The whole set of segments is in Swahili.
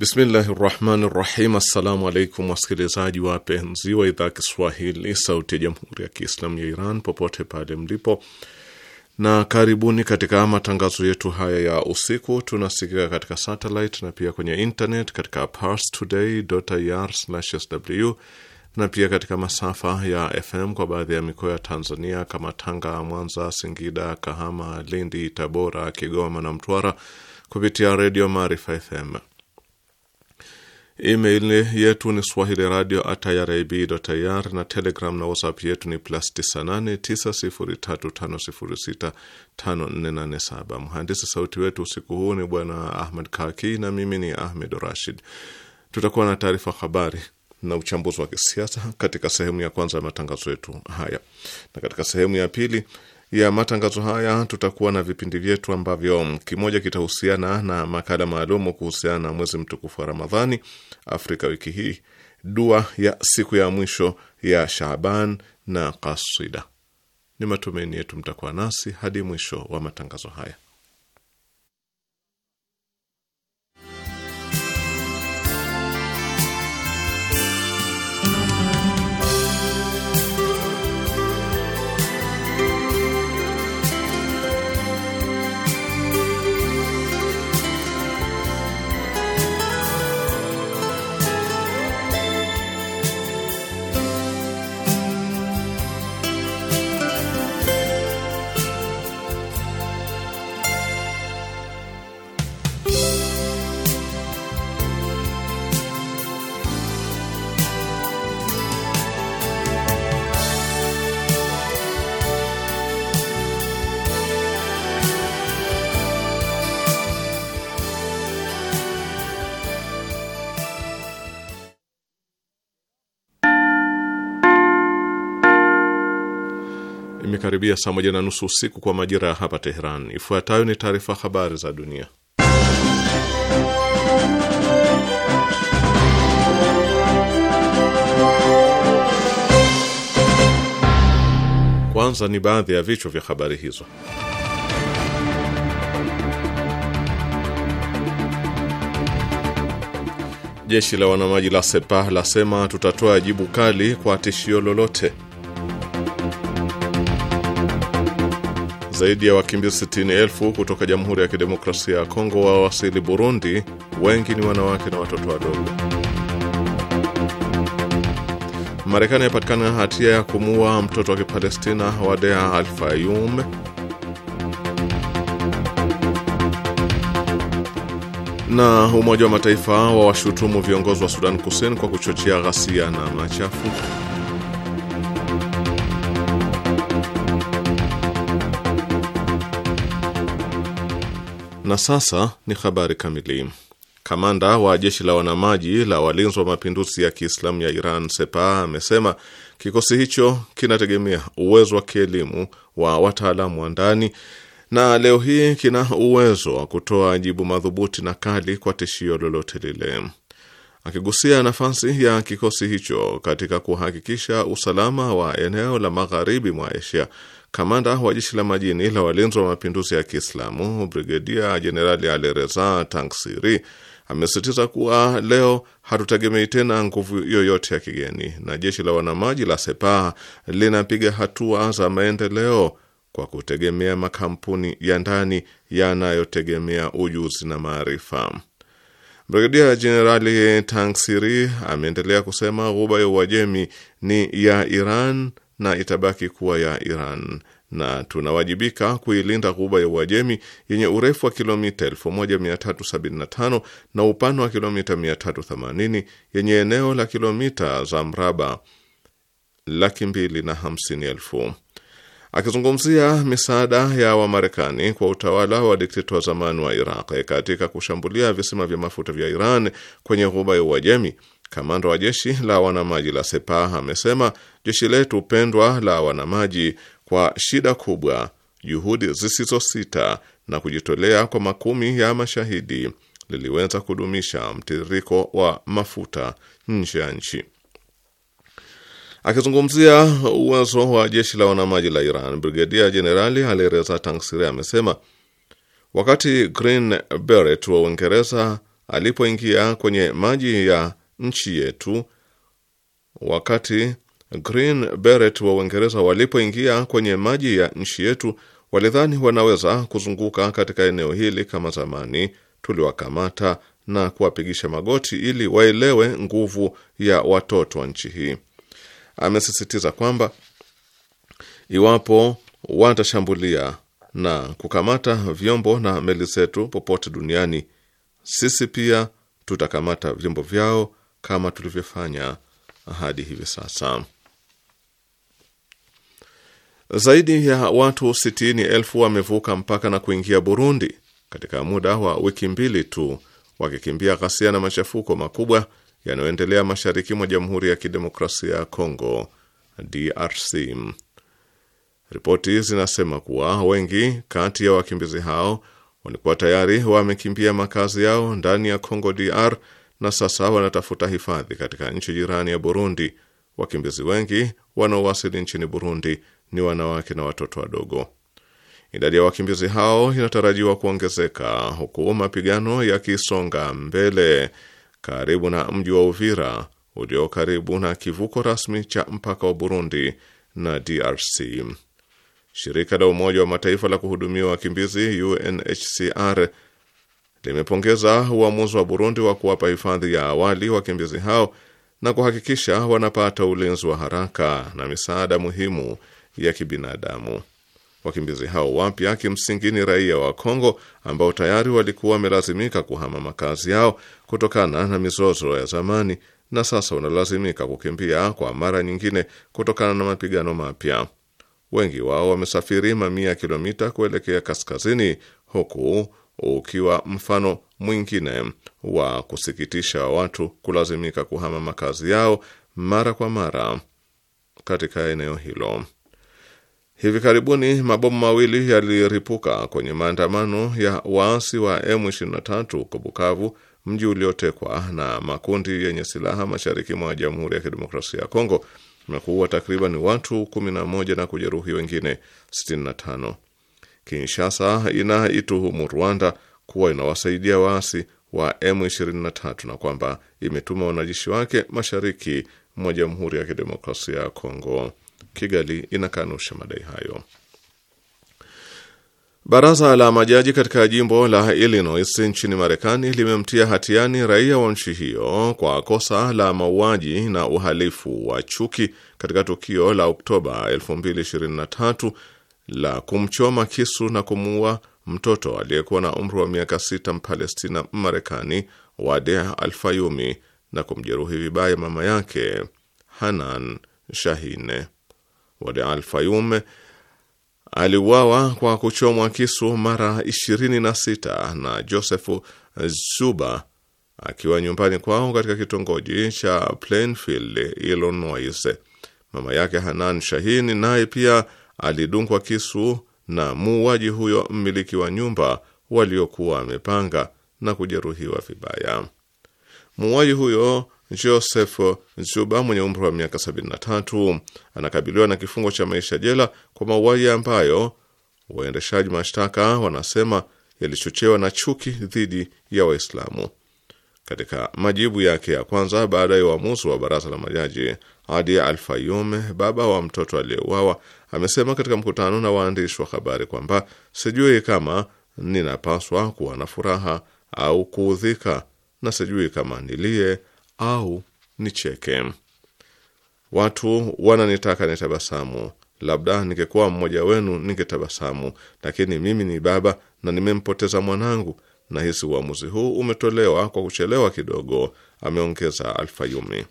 Bismillahi rahmani rahim. Assalamu alaikum wasikilizaji wapenzi wa idhaa Kiswahili sauti ya jamhuri ya Kiislamu ya Iran popote pale mlipo, na karibuni katika matangazo yetu haya ya usiku. Tunasikika katika satelit na pia kwenye internet katika parstoday.ir/sw na pia katika masafa ya FM kwa baadhi ya mikoa ya Tanzania kama Tanga, Mwanza, Singida, Kahama, Lindi, Tabora, Kigoma na Mtwara kupitia redio Maarifa FM. Email yetu ni swahili radio atiribir na Telegram na WhatsApp yetu ni plus 989035065487. Mhandisi sauti wetu usiku huu ni Bwana Ahmed Kaki na mimi ni Ahmed Rashid. Tutakuwa na taarifa habari na uchambuzi wa kisiasa katika sehemu ya kwanza ya matangazo yetu haya, na katika sehemu ya pili ya matangazo haya tutakuwa na vipindi vyetu ambavyo kimoja kitahusiana na makala maalumu kuhusiana na mwezi mtukufu wa Ramadhani, Afrika wiki hii, dua ya siku ya mwisho ya Shaaban na kasida. Ni matumaini yetu mtakuwa nasi hadi mwisho wa matangazo haya. kukaribia saa moja na nusu usiku kwa majira ya hapa Teheran. Ifuatayo ni taarifa habari za dunia. Kwanza ni baadhi ya vichwa vya habari hizo. Jeshi la wanamaji la Sepah lasema tutatoa jibu kali kwa tishio lolote. Zaidi ya wakimbizi 60,000 kutoka Jamhuri ya Kidemokrasia ya Kongo wawasili Burundi, wengi ni wanawake na watoto wadogo. Marekani yapatikana hatia ya kumuua mtoto wa Kipalestina Wadea al Na Umoja wa Mataifa wawashutumu viongozi wa Sudan Kusini kwa kuchochea ghasia na machafuko. Na sasa ni habari kamili. Kamanda wa jeshi la wanamaji la walinzi wa mapinduzi ya Kiislamu ya Iran sepa amesema kikosi hicho kinategemea uwezo wa kielimu wa wataalamu wa ndani na leo hii kina uwezo wa kutoa jibu madhubuti na kali kwa tishio lolote lile. Akigusia nafasi ya kikosi hicho katika kuhakikisha usalama wa eneo la magharibi mwa Asia, Kamanda wa jeshi la majini la walinzi wa mapinduzi ya Kiislamu Brigedia Jenerali Alereza Tangsiri amesisitiza kuwa leo hatutegemei tena nguvu yoyote ya kigeni na jeshi la wanamaji la sepa linapiga hatua za maendeleo kwa kutegemea makampuni ya ndani yanayotegemea ujuzi na maarifa. Brigedia Jenerali Tangsiri ameendelea kusema ghuba ya Uajemi ni ya Iran na itabaki kuwa ya Iran na tunawajibika kuilinda ghuba ya Uajemi yenye urefu wa kilomita 1375 na upana wa kilomita 380 yenye eneo la kilomita za mraba laki mbili na hamsini elfu. Akizungumzia misaada ya Wamarekani kwa utawala wa dikteta wa zamani wa Iraq katika kushambulia visima vya mafuta vya Iran kwenye ghuba ya Uajemi, Kamanda wa jeshi la wanamaji la Sepah amesema jeshi letu pendwa la wanamaji, kwa shida kubwa, juhudi zisizosita na kujitolea kwa makumi ya mashahidi liliweza kudumisha mtiririko wa mafuta nje ya nchi. Akizungumzia uwezo wa jeshi la wanamaji la Iran, Brigedia Jenerali Alireza Tangsiri amesema wakati Green Beret wa Uingereza alipoingia kwenye maji ya nchi yetu wakati Green Beret wa Uingereza walipoingia kwenye maji ya nchi yetu, walidhani wanaweza kuzunguka katika eneo hili kama zamani. Tuliwakamata na kuwapigisha magoti ili waelewe nguvu ya watoto wa nchi hii. Amesisitiza kwamba iwapo watashambulia na kukamata vyombo na meli zetu popote duniani, sisi pia tutakamata vyombo vyao kama tulivyofanya hadi hivi sasa. Zaidi ya watu sitini elfu wamevuka mpaka na kuingia Burundi katika muda wa wiki mbili tu, wakikimbia ghasia na machafuko makubwa yanayoendelea mashariki mwa Jamhuri ya Kidemokrasia ya Kongo, DRC. Ripoti zinasema kuwa wengi kati ya wakimbizi hao walikuwa tayari wamekimbia makazi yao ndani ya Kongo DR na sasa wanatafuta hifadhi katika nchi jirani ya Burundi. Wakimbizi wengi wanaowasili nchini Burundi ni wanawake na watoto wadogo. Idadi ya wakimbizi hao inatarajiwa kuongezeka huku mapigano yakisonga mbele karibu na mji wa Uvira ulio karibu na kivuko rasmi cha mpaka wa Burundi na DRC. Shirika la Umoja wa Mataifa la kuhudumia wakimbizi UNHCR limepongeza uamuzi wa Burundi wa kuwapa hifadhi ya awali wakimbizi hao na kuhakikisha wanapata ulinzi wa haraka na misaada muhimu ya kibinadamu. Wakimbizi hao wapya kimsingi ni raia wa Kongo ambao tayari walikuwa wamelazimika kuhama makazi yao kutokana na mizozo ya zamani na sasa wanalazimika kukimbia kwa mara nyingine kutokana na mapigano mapya. Wengi wao wamesafiri mamia ya kilomita kuelekea kaskazini huku ukiwa mfano mwingine wa kusikitisha watu kulazimika kuhama makazi yao mara kwa mara katika eneo hilo. Hivi karibuni mabomu mawili yaliripuka kwenye maandamano ya waasi wa M23 huko Bukavu, mji uliotekwa na makundi yenye silaha mashariki mwa Jamhuri ya Kidemokrasia ya Kongo, na kuua takriban watu 11 na kujeruhi wengine 65. Kinshasa inaituhumu Rwanda kuwa inawasaidia waasi wa M23 na kwamba imetuma wanajeshi wake mashariki mwa Jamhuri ya Kidemokrasia ya Kongo. Kigali inakanusha madai hayo. Baraza la majaji katika jimbo la Illinois nchini Marekani limemtia hatiani raia wa nchi hiyo kwa kosa la mauaji na uhalifu wa chuki katika tukio la Oktoba la kumchoma kisu na kumuua mtoto aliyekuwa na umri wa miaka sita Mpalestina marekani wade Alfayumi na kumjeruhi vibaya mama yake Hanan Shahine. Wade Alfayume aliuawa kwa kuchomwa kisu mara 26 na Josefu Zuba akiwa nyumbani kwao katika kitongoji cha Plainfield, Illinois. Mama yake Hanan Shahini naye pia alidungwa kisu na muuaji huyo mmiliki wa nyumba waliokuwa wamepanga na kujeruhiwa vibaya. Muuaji huyo Joseph Zuba mwenye umri wa miaka 73 anakabiliwa na kifungo cha maisha jela kwa mauaji ambayo waendeshaji mashtaka wanasema yalichochewa na chuki dhidi ya Waislamu. Katika majibu yake ya kwanza baada ya uamuzi wa baraza la majaji, Adi Alfayum, baba wa mtoto aliyeuawa, amesema katika mkutano na waandishi wa habari kwamba sijui kama ninapaswa kuwa na furaha au kuudhika, na sijui kama nilie au nicheke. Watu wananitaka nitabasamu, labda ningekuwa mmoja wenu ningetabasamu, lakini mimi ni baba na nimempoteza mwanangu Nahisi uamuzi huu umetolewa kwa kuchelewa kidogo, ameongeza Alfayumi.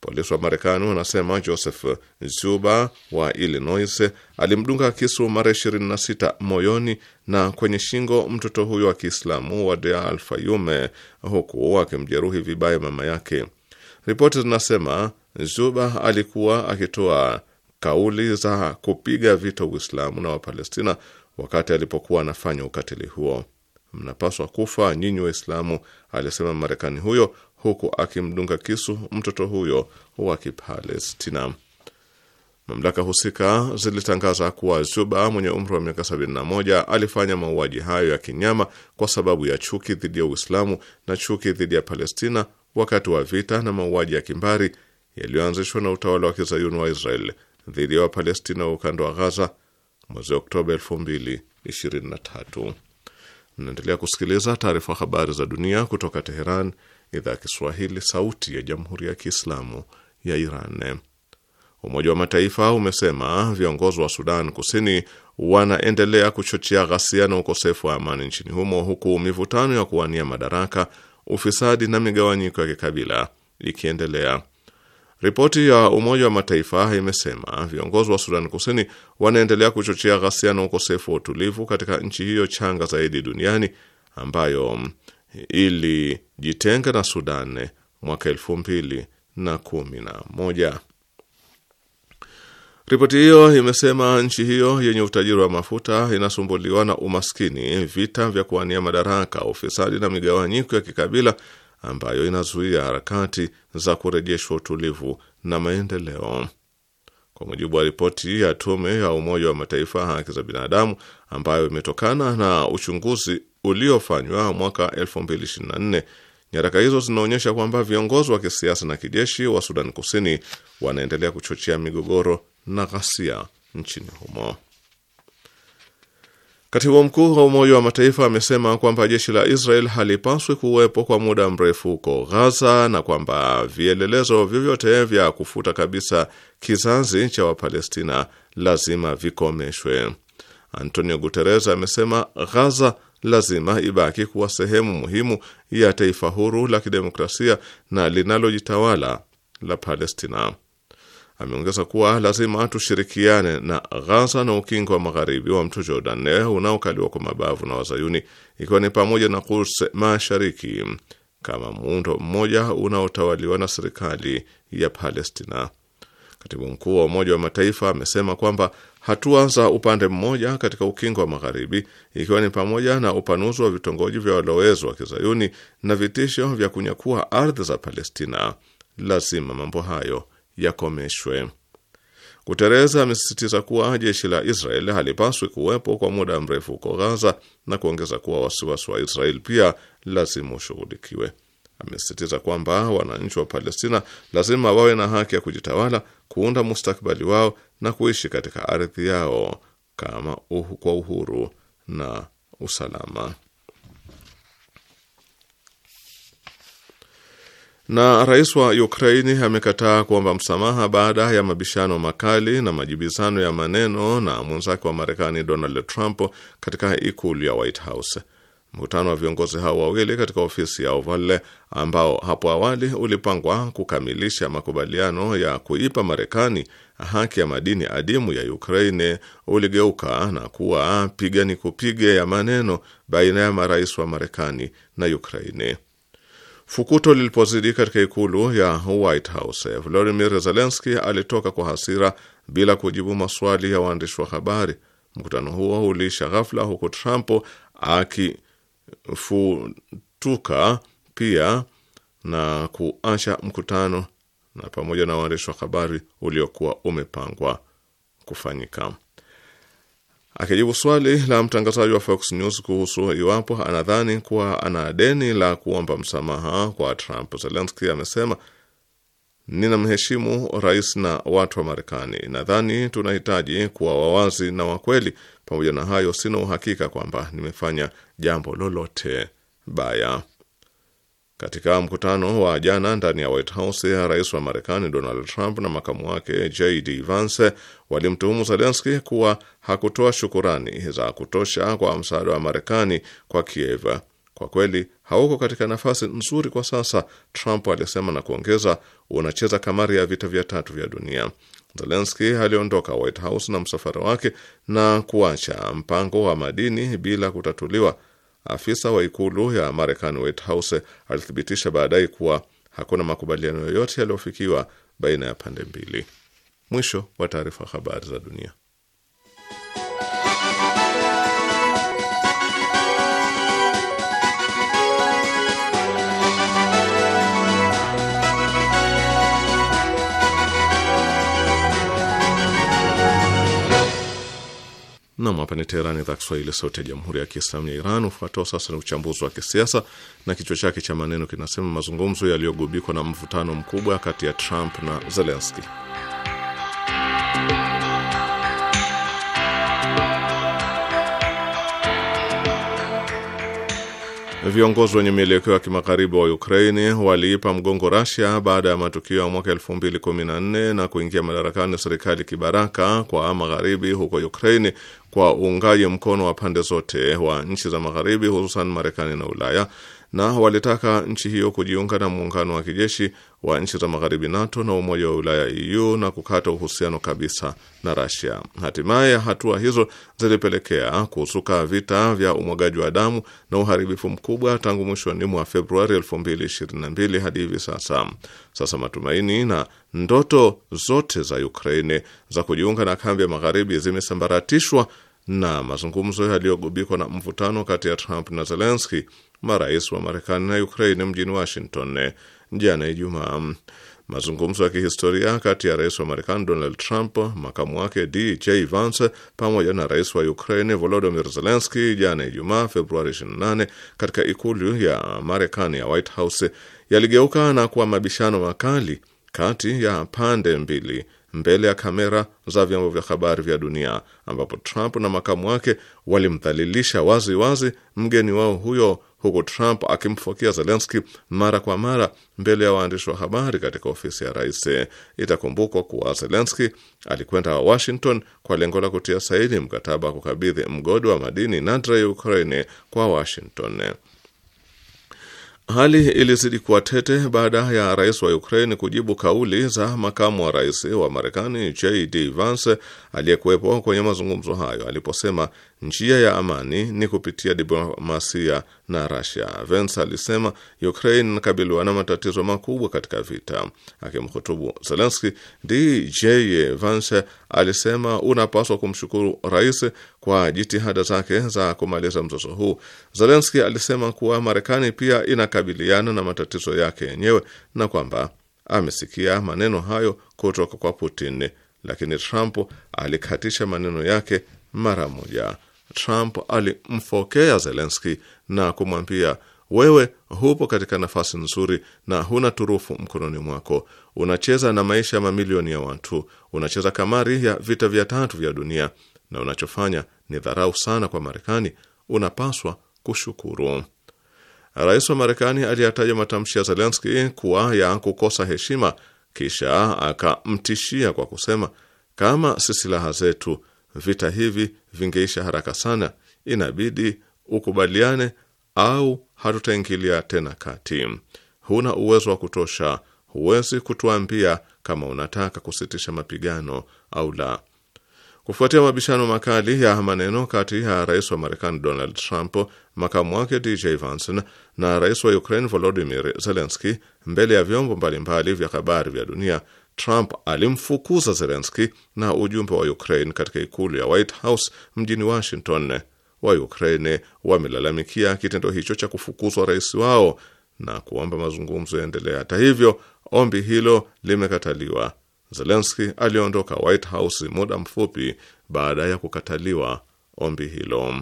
Polisi wa Marekani wanasema Joseph Zuba wa Illinois alimdunga kisu mara 26 moyoni na kwenye shingo mtoto huyo wa Kiislamu wa Dea Alfayume, huku akimjeruhi vibaya mama yake. Ripoti zinasema Zuba alikuwa akitoa kauli za kupiga vita Uislamu na Wapalestina wakati alipokuwa anafanya ukatili huo mnapaswa kufa nyinyi Waislamu, alisema Marekani huyo huku akimdunga kisu mtoto huyo wa Kipalestina. Mamlaka husika zilitangaza kuwa Zuba mwenye umri wa miaka 71 alifanya mauaji hayo ya kinyama kwa sababu ya chuki dhidi ya Uislamu na chuki dhidi ya Palestina wakati wa vita na mauaji ya kimbari yaliyoanzishwa na utawala wa kizayuni wa Israel dhidi ya Wapalestina wa ukanda wa Ghaza mwezi Oktoba 2023. Mnaendelea kusikiliza taarifa habari za dunia kutoka Teheran, idhaa ya Kiswahili, sauti ya jamhuri ya kiislamu ya Iran. Umoja wa Mataifa umesema viongozi wa Sudan Kusini wanaendelea kuchochea ghasia na ukosefu wa amani nchini humo, huku mivutano ya kuwania madaraka, ufisadi na migawanyiko ya kikabila ikiendelea. Ripoti ya Umoja wa Mataifa imesema viongozi wa Sudan Kusini wanaendelea kuchochea ghasia na ukosefu wa utulivu katika nchi hiyo changa zaidi duniani ambayo ilijitenga na Sudan mwaka elfu mbili na kumi na moja. Ripoti hiyo imesema nchi hiyo yenye utajiri wa mafuta inasumbuliwa na umaskini, vita vya kuwania madaraka, ufisadi na migawanyiko ya kikabila ambayo inazuia harakati za kurejeshwa utulivu na maendeleo. Kwa mujibu wa ripoti ya tume ya Umoja wa Mataifa haki za binadamu ambayo imetokana na uchunguzi uliofanywa mwaka 2024, nyaraka hizo zinaonyesha kwamba viongozi wa kisiasa na kijeshi wa Sudan Kusini wanaendelea kuchochea migogoro na ghasia nchini humo. Katibu mkuu wa Umoja wa Mataifa amesema kwamba jeshi la Israel halipaswi kuwepo kwa muda mrefu huko Ghaza na kwamba vielelezo vyovyote vya kufuta kabisa kizazi cha Wapalestina lazima vikomeshwe. Antonio Guterres amesema Ghaza lazima ibaki kuwa sehemu muhimu ya taifa huru la kidemokrasia na linalojitawala la Palestina. Ameongeza kuwa lazima tushirikiane na Ghaza na ukingo wa magharibi wa mto Jordan unaokaliwa kwa mabavu na Wazayuni, ikiwa ni pamoja na Quds Mashariki, kama muundo mmoja unaotawaliwa na serikali ya Palestina. Katibu mkuu wa Umoja wa Mataifa amesema kwamba hatua za upande mmoja katika ukingo wa magharibi, ikiwa ni pamoja na upanuzi wa vitongoji vya walowezi wa kizayuni na vitisho vya kunyakua ardhi za Palestina, lazima mambo hayo yakomeshwe. Guterres amesisitiza kuwa jeshi la Israel halipaswi kuwepo kwa muda mrefu huko Gaza na kuongeza kuwa wasiwasi wa Israel pia lazima ushughulikiwe. Amesisitiza kwamba wananchi wa Palestina lazima wawe na haki ya kujitawala, kuunda mustakbali wao na kuishi katika ardhi yao kama uhu, kwa uhuru na usalama. Na rais wa Ukraini amekataa kuomba msamaha baada ya mabishano makali na majibizano ya maneno na mwenzake wa Marekani Donald Trump katika ikulu ya White House. Mkutano wa viongozi hao wawili katika ofisi ya Oval ambao hapo awali ulipangwa kukamilisha makubaliano ya kuipa Marekani haki ya madini adimu ya Ukraine uligeuka na kuwa pigani kupiga ya maneno baina ya marais wa Marekani na Ukraine. Fukuto lilipozidi katika ikulu ya White House, Volodymyr Zelensky alitoka kwa hasira bila kujibu maswali ya waandishi wa habari. Mkutano huo uliisha ghafla, huku Trump akifutuka pia na kuacha mkutano na pamoja na waandishi wa habari uliokuwa umepangwa kufanyika. Akijibu swali la mtangazaji wa Fox News kuhusu iwapo anadhani kuwa ana deni la kuomba msamaha kwa Trump, Zelensky amesema ninamheshimu rais na watu wa Marekani. Nadhani tunahitaji kuwa wawazi na wakweli. Pamoja na hayo, sina uhakika kwamba nimefanya jambo lolote baya. Katika mkutano wa jana ndani ya White House, rais wa Marekani Donald Trump na makamu wake JD Vance walimtuhumu Zelenski kuwa hakutoa shukurani za kutosha kwa msaada wa Marekani kwa Kiev. Kwa kweli hauko katika nafasi nzuri kwa sasa, Trump alisema na kuongeza, unacheza kamari ya vita vya tatu vya dunia. Zelenski aliondoka White House na msafara wake na kuacha mpango wa madini bila kutatuliwa Afisa wa ikulu ya Marekani, White House, alithibitisha baadaye kuwa hakuna makubaliano yoyote yaliyofikiwa baina ya pande mbili. Mwisho wa taarifa. Habari za dunia. Nam, hapa ni Teherani, idhaa Kiswahili, sauti ya jamhuri ya kiislamu ya Iran. Ufuatao sasa ni uchambuzi wa kisiasa na kichwa chake cha maneno kinasema mazungumzo yaliyogubikwa na mvutano mkubwa kati ya Trump na Zelenski. Viongozi wenye mielekeo ya kimagharibi wa Ukraini waliipa mgongo Rasia baada ya matukio ya mwaka 2014 na kuingia madarakani serikali kibaraka kwa magharibi huko Ukraini kwa uungaji mkono wa pande zote wa nchi za magharibi, hususan Marekani na Ulaya na walitaka nchi hiyo kujiunga na muungano wa kijeshi wa nchi za magharibi NATO na umoja wa Ulaya EU na kukata uhusiano kabisa na Rasia. Hatimaye hatua hizo zilipelekea kuzuka vita vya umwagaji wa damu na uharibifu mkubwa tangu mwishoni mwa Februari 2022 hadi hivi sasa. Sasa matumaini na ndoto zote za Ukraine za kujiunga na kambi ya magharibi zimesambaratishwa na mazungumzo yaliyogubikwa na mvutano kati ya Trump na Zelenski marais wa Marekani na Ukraini mjini Washington jana Ijumaa. Mazungumzo ya kihistoria kati ya rais wa Marekani Donald Trump, makamu wake DJ Vance pamoja na rais wa Ukraine Volodymyr Zelenski jana Ijumaa Februari 28 katika ikulu ya Marekani ya White House yaligeuka na kuwa mabishano makali kati ya pande mbili mbele ya kamera za vyombo vya habari vya dunia, ambapo Trump na makamu wake walimdhalilisha wazi wazi mgeni wao huyo huku Trump akimfokia Zelenski mara kwa mara mbele ya waandishi wa habari katika ofisi ya rais. Itakumbukwa kuwa Zelenski alikwenda Washington kwa lengo la kutia saini mkataba wa kukabidhi mgodi wa madini nadra ya Ukraine kwa Washington. Hali ilizidi kuwa tete baada ya rais wa Ukraine kujibu kauli za makamu wa rais wa Marekani JD Vance aliyekuwepo kwenye mazungumzo hayo aliposema Njia ya amani ni kupitia diplomasia na Rasia, Vance alisema. Ukraine inakabiliwa na matatizo makubwa katika vita. Akimhutubu Zelenski, DJ Vance alisema unapaswa kumshukuru rais kwa jitihada zake za kumaliza mzozo huu. Zelenski alisema kuwa Marekani pia inakabiliana na matatizo yake yenyewe na kwamba amesikia maneno hayo kutoka kwa Putin, lakini Trump alikatisha maneno yake mara moja. Trump alimfokea Zelenski na kumwambia, wewe hupo katika nafasi nzuri na huna turufu mkononi mwako. Unacheza na maisha ya mamilioni ya watu, unacheza kamari ya vita vya tatu vya dunia, na unachofanya ni dharau sana kwa Marekani. Unapaswa kushukuru. Rais wa Marekani aliyataja matamshi ya Zelenski kuwa ya kukosa heshima, kisha akamtishia kwa kusema, kama si silaha zetu vita hivi vingeisha haraka sana. Inabidi ukubaliane au hatutaingilia tena kati. Huna uwezo wa kutosha, huwezi kutuambia kama unataka kusitisha mapigano au la. Kufuatia mabishano makali ya maneno kati ya rais wa Marekani Donald Trump, makamu wake DJ Vanson na rais wa Ukraine Volodimir Zelenski mbele ya vyombo mbalimbali vya habari vya dunia Trump alimfukuza Zelenski na ujumbe wa Ukraine katika ikulu ya White House mjini Washington. Wa Ukraine wamelalamikia kitendo hicho cha kufukuzwa rais wao na kuomba mazungumzo yaendelee. Hata hivyo, ombi hilo limekataliwa. Zelenski aliondoka White House muda mfupi baada ya kukataliwa ombi hilo.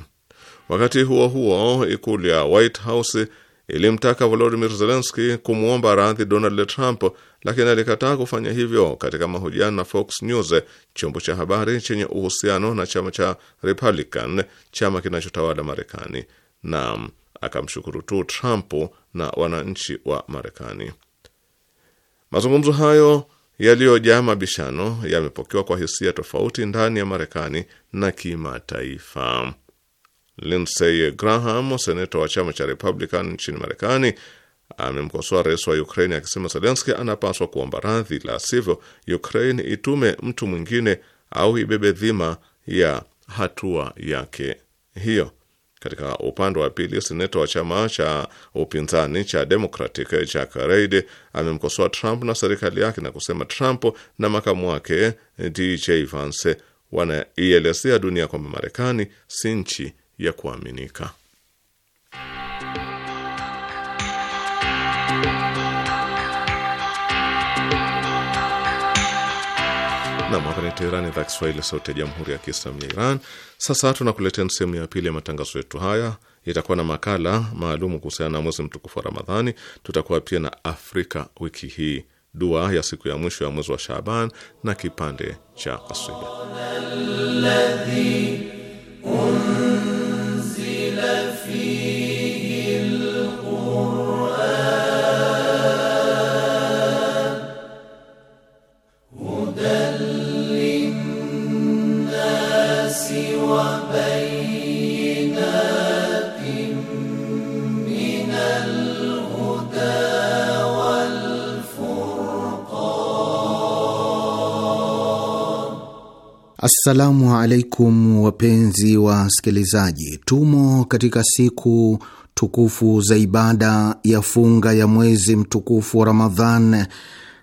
Wakati huo huo, ikulu ya White House ilimtaka Volodimir Zelenski kumwomba radhi Donald Trump, lakini alikataa kufanya hivyo katika mahojiano na Fox News, chombo cha habari chenye uhusiano na chama cha Republican, chama kinachotawala Marekani. Naam, akamshukuru tu Trump na wananchi wa Marekani. Mazungumzo hayo yaliyojaa mabishano yamepokewa kwa hisia tofauti ndani ya Marekani na kimataifa. Lindsey Graham, seneta wa chama cha Republican nchini Marekani, amemkosoa rais wa Ukraine akisema Zelenski anapaswa kuomba radhi, la sivyo Ukraine itume mtu mwingine au ibebe dhima ya hatua yake hiyo. Katika upande wa pili, seneta wa chama cha upinzani cha Democratic Jack Reed amemkosoa Trump na serikali yake na kusema Trump na makamu wake DJ Vance wanaielezea dunia kwamba Marekani si nchi ya kuaminika. Nam, hapa ni Teherani, idhaa Kiswahili, sauti ya jamhuri ya kiislamu ya Iran. Sasa tunakuletea sehemu ya pili ya matangazo yetu haya. Itakuwa na makala maalumu kuhusiana na mwezi mtukufu wa Ramadhani. Tutakuwa pia na Afrika wiki hii, dua ya siku ya mwisho ya mwezi wa Shaaban na kipande cha kasida Assalamu alaikum wapenzi wa wasikilizaji, tumo katika siku tukufu za ibada ya funga ya mwezi mtukufu wa Ramadhan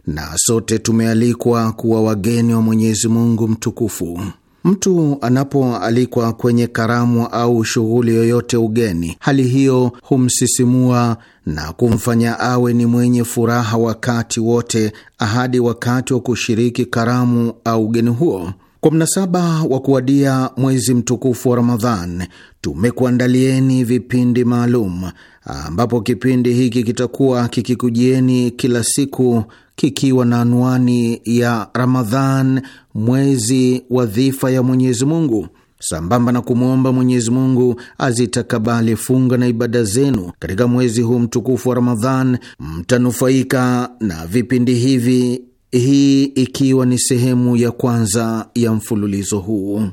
na sote tumealikwa kuwa wageni wa Mwenyezi Mungu mtukufu. Mtu anapoalikwa kwenye karamu au shughuli yoyote ugeni, hali hiyo humsisimua na kumfanya awe ni mwenye furaha wakati wote, ahadi wakati wa kushiriki karamu au ugeni huo. Kwa mnasaba wa kuwadia mwezi mtukufu wa Ramadhan, tumekuandalieni vipindi maalum ambapo kipindi hiki kitakuwa kikikujieni kila siku kikiwa na anwani ya Ramadhan, mwezi wa dhifa ya Mwenyezi Mungu, sambamba na kumwomba Mwenyezi Mungu azitakabali funga na ibada zenu katika mwezi huu mtukufu wa Ramadhan. Mtanufaika na vipindi hivi hii ikiwa ni sehemu ya kwanza ya mfululizo huu.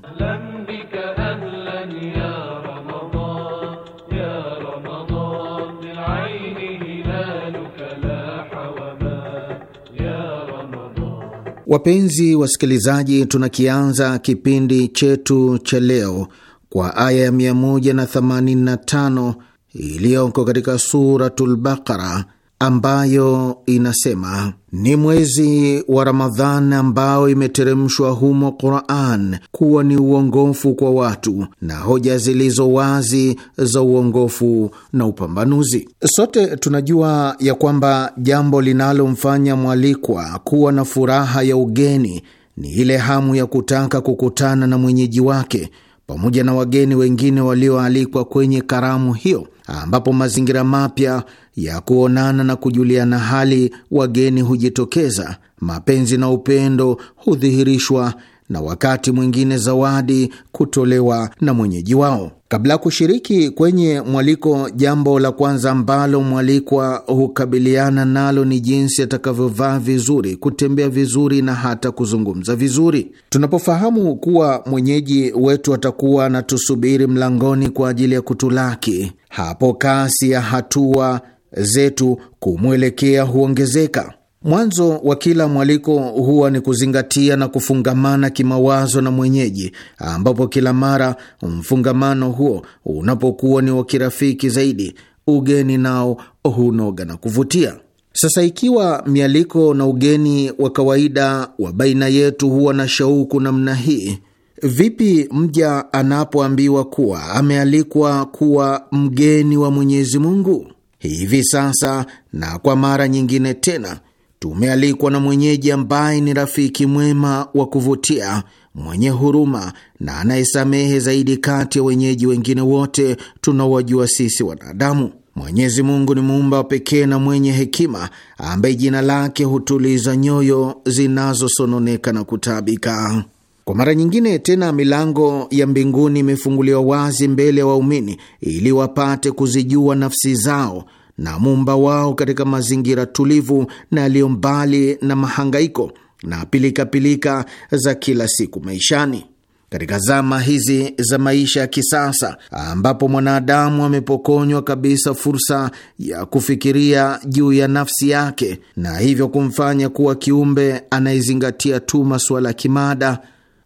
Wapenzi wasikilizaji, tunakianza kipindi chetu cha leo kwa aya ya 185 iliyoko katika Suratul Baqara ambayo inasema ni mwezi wa Ramadhan ambao imeteremshwa humo Quran kuwa ni uongofu kwa watu na hoja zilizo wazi za uongofu na upambanuzi. Sote tunajua ya kwamba jambo linalomfanya mwalikwa kuwa na furaha ya ugeni ni ile hamu ya kutaka kukutana na mwenyeji wake pamoja na wageni wengine walioalikwa kwenye karamu hiyo, ambapo mazingira mapya ya kuonana na kujuliana hali, wageni hujitokeza, mapenzi na upendo hudhihirishwa, na wakati mwingine zawadi kutolewa na mwenyeji wao. Kabla ya kushiriki kwenye mwaliko, jambo la kwanza ambalo mwalikwa hukabiliana nalo ni jinsi atakavyovaa vizuri, kutembea vizuri na hata kuzungumza vizuri. Tunapofahamu kuwa mwenyeji wetu atakuwa anatusubiri mlangoni kwa ajili ya kutulaki, hapo kasi ya hatua zetu kumwelekea huongezeka. Mwanzo wa kila mwaliko huwa ni kuzingatia na kufungamana kimawazo na mwenyeji, ambapo kila mara mfungamano huo unapokuwa ni wa kirafiki zaidi, ugeni nao hunoga na kuvutia. Sasa ikiwa mialiko na ugeni wa kawaida wa baina yetu huwa na shauku namna hii, vipi mja anapoambiwa kuwa amealikwa kuwa mgeni wa Mwenyezi Mungu? Hivi sasa na kwa mara nyingine tena tumealikwa na mwenyeji ambaye ni rafiki mwema wa kuvutia, mwenye huruma na anayesamehe zaidi kati ya wenyeji wengine wote tunaowajua sisi wanadamu. Mwenyezi Mungu ni muumba wa pekee na mwenye hekima ambaye jina lake hutuliza nyoyo zinazosononeka na kutaabika. Kwa mara nyingine tena, milango ya mbinguni imefunguliwa wazi mbele ya wa waumini ili wapate kuzijua nafsi zao na muumba wao katika mazingira tulivu na yaliyo mbali na mahangaiko na pilikapilika pilika za kila siku maishani. Katika zama hizi za maisha ya kisasa ambapo mwanadamu amepokonywa kabisa fursa ya kufikiria juu ya nafsi yake na hivyo kumfanya kuwa kiumbe anayezingatia tu masuala ya kimada,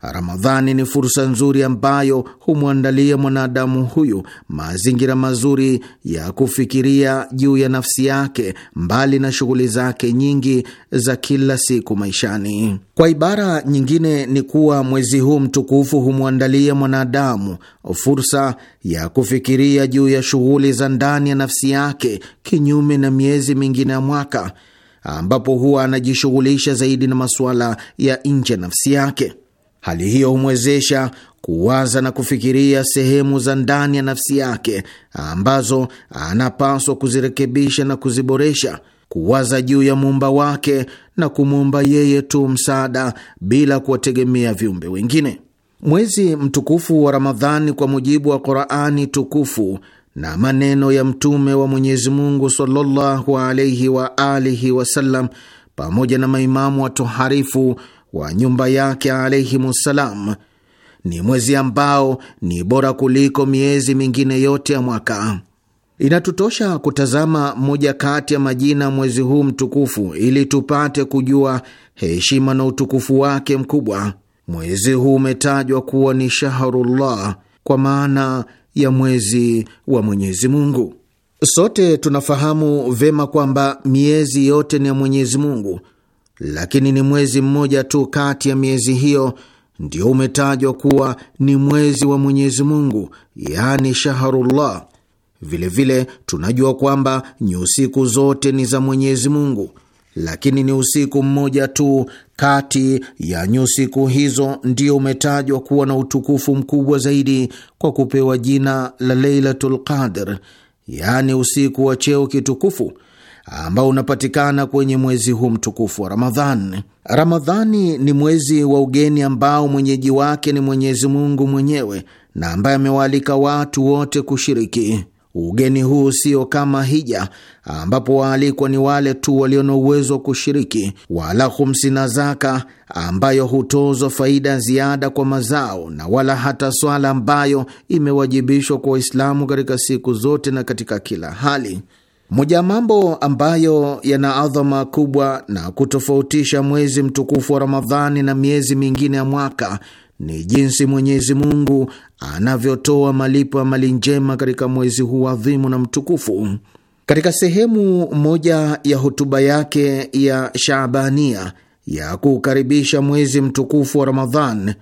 Ramadhani ni fursa nzuri ambayo humwandalia mwanadamu huyu mazingira mazuri ya kufikiria juu ya nafsi yake, mbali na shughuli zake nyingi za kila siku maishani. Kwa ibara nyingine, ni kuwa mwezi huu mtukufu humwandalia mwanadamu fursa ya kufikiria juu ya shughuli za ndani ya nafsi yake, kinyume na miezi mingine ya mwaka ambapo huwa anajishughulisha zaidi na masuala ya nje ya nafsi yake. Hali hiyo humwezesha kuwaza na kufikiria sehemu za ndani ya nafsi yake ambazo anapaswa kuzirekebisha na kuziboresha, kuwaza juu ya muumba wake na kumwomba yeye tu msaada bila kuwategemea viumbe wengine. Mwezi mtukufu wa Ramadhani, kwa mujibu wa Qurani tukufu na maneno ya Mtume wa Mwenyezi Mungu sallallahu alaihi wa alihi wasallam, pamoja na maimamu watoharifu wa nyumba yake alaihimussalam. Ni mwezi ambao ni bora kuliko miezi mingine yote ya mwaka. Inatutosha kutazama moja kati ya majina mwezi huu mtukufu ili tupate kujua heshima na utukufu wake mkubwa. Mwezi huu umetajwa kuwa ni Shahrullah kwa maana ya mwezi wa Mwenyezi Mungu. Sote tunafahamu vema kwamba miezi yote ni ya Mwenyezi Mungu lakini ni mwezi mmoja tu kati ya miezi hiyo ndio umetajwa kuwa ni mwezi wa Mwenyezi Mungu, yani Shahrullah. Vilevile vile, tunajua kwamba nyusiku zote ni za Mwenyezi Mungu, lakini ni usiku mmoja tu kati ya nyusiku hizo ndio umetajwa kuwa na utukufu mkubwa zaidi kwa kupewa jina la Lailatul Qadr, yaani usiku wa cheo kitukufu ambao unapatikana kwenye mwezi huu mtukufu wa Ramadhani. Ramadhani ni mwezi wa ugeni ambao mwenyeji wake ni Mwenyezi Mungu mwenyewe na ambaye amewaalika watu wote kushiriki ugeni huu. Sio kama hija ambapo waalikwa ni wale tu walio na uwezo wa kushiriki, wala humsi na zaka ambayo hutozwa faida ya ziada kwa mazao, na wala hata swala ambayo imewajibishwa kwa Waislamu katika siku zote na katika kila hali. Moja ya mambo ambayo yana adhama kubwa na kutofautisha mwezi mtukufu wa Ramadhani na miezi mingine ya mwaka ni jinsi Mwenyezi Mungu anavyotoa malipo ya mali njema katika mwezi huu adhimu na mtukufu. Katika sehemu moja ya hotuba yake ya shabania ya kukaribisha mwezi mtukufu wa Ramadhan,